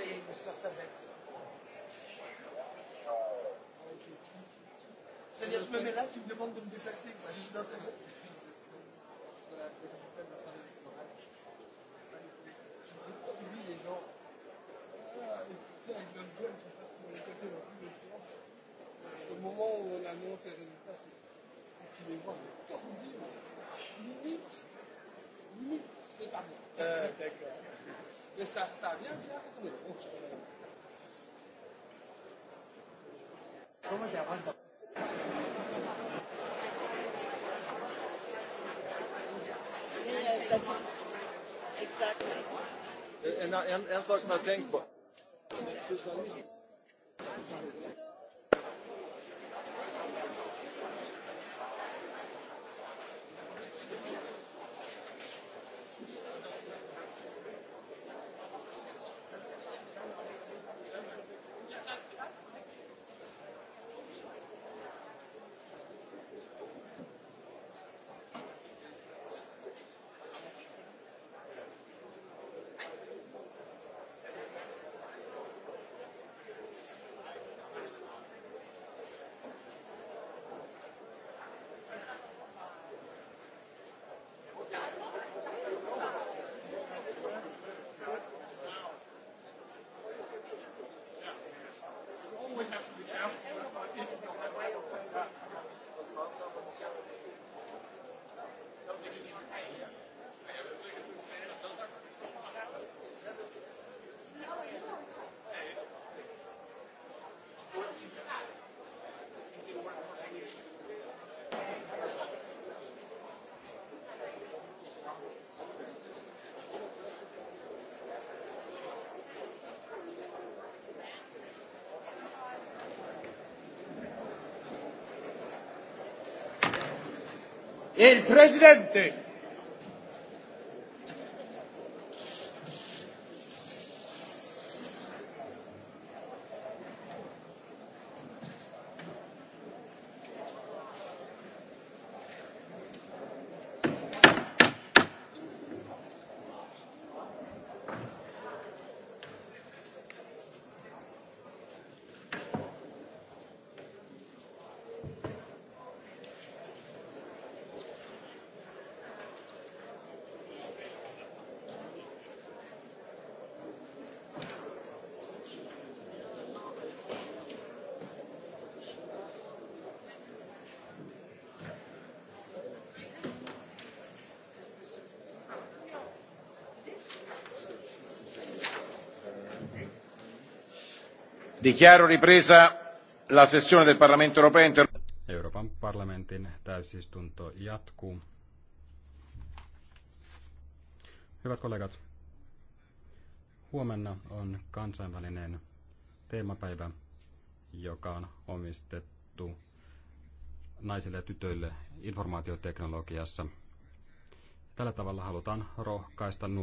conseil sur sa bête. C'est-à-dire, je me mets là, tu me demandes de me déplacer. Quoi. Je suis dans cette... Lui, les gens, ah, c'est avec notre gueule qui passe sur les côtés dans tous les sens. Au moment où on annonce les résultats, c'est qu'il les voit, mais limite, limite c'est pas bon. Euh, D'accord. Mais ça, ça vient bien, bon. exactly. En, en, en sak som tänkt på. El presidente. Dichiaro ripresa la sessione del Parlamento europeo. Euroopan parlamentin täysistunto jatkuu. Hyvät kollegat, huomenna on kansainvälinen teemapäivä, joka on omistettu naisille ja tytöille informaatioteknologiassa. Tällä tavalla halutaan rohkaista nuoria.